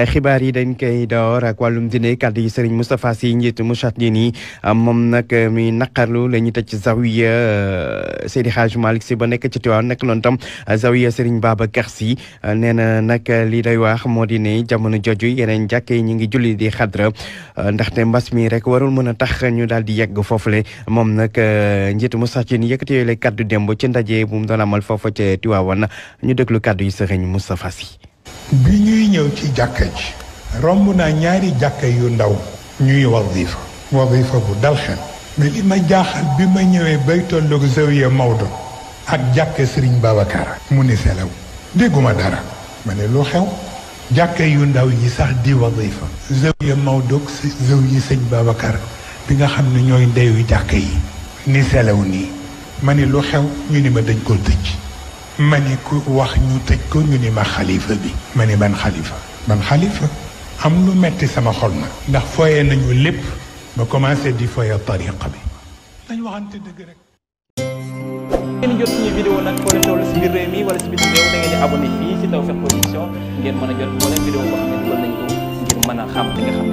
Eh, xibaar yi dañ koy door ak wàllum dine kàddu yi sëriñ Moustapha Sy njiitu Mouchadini ah, moom nag eh, mi naqarlu la ñuy tëj zawiya eh, Seydi Hadj Malick si ba nekk ci Tiwaawan nekk noonu tam zawiya sëriñ Babacar Sy nee na nag li day wax moo di ne jamono joju yeneen jàkke yi ñu ngi julli di xadra ndaxte mbas mi rek warul mën a tax ñu daal di yegg le moom nag njiitu Mouchadini yëkkati yooyu la kàddu demb ci ndaje bu mu doon amal foofa ca Tiwaawan ñu déglu kàddu yi sëriñ Moustapha Sy bi ñuy ñëw ci jàkka ji romb naa ñaari jàkka yu ndaw ñuy wazifa wazifa bu dal xel mais li ma jaaxal bi ma ñëwee bay tolloog zawiya Maodo ak jàkka sëriñ Babacar mu ni selaw dégguma dara ma ne lu xew jàkka yu ndaw yi sax di wazifa zawiya Maodo yi Sëñ Babacar bi nga xam ne ñooy ndeyu jàkka yi ni selaw nii ma ne lu xew ñu ni ma dañ ko tëj ma ni ku wax ñu tëj ko ñu ni ma xalifa bi ma ni ban xalifa ban xalifa am lu metti sama xol na ndax foye nañu lépp ba commencé di foye tariqa bi dañ waxante dëgg rek ngeen jot suñu vidéo nag foo leen toll si biir réew mi wala si biir réew da ngeen di abonné fii si Tawfekh Production a jot xam ne dugal mën a xam